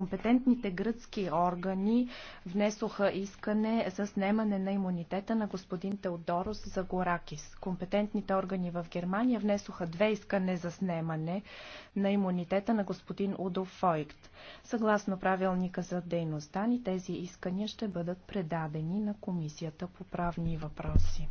Компетентните гръцки органи внесоха искане за снемане на имунитета на господин Теодорос Загоракис. Компетентните органи в Германия внесоха две искане за снемане на имунитета на господин Удо Фойкт. Съгласно правилника за дейността ни, тези искания ще бъдат предадени на Комисията по правни въпроси.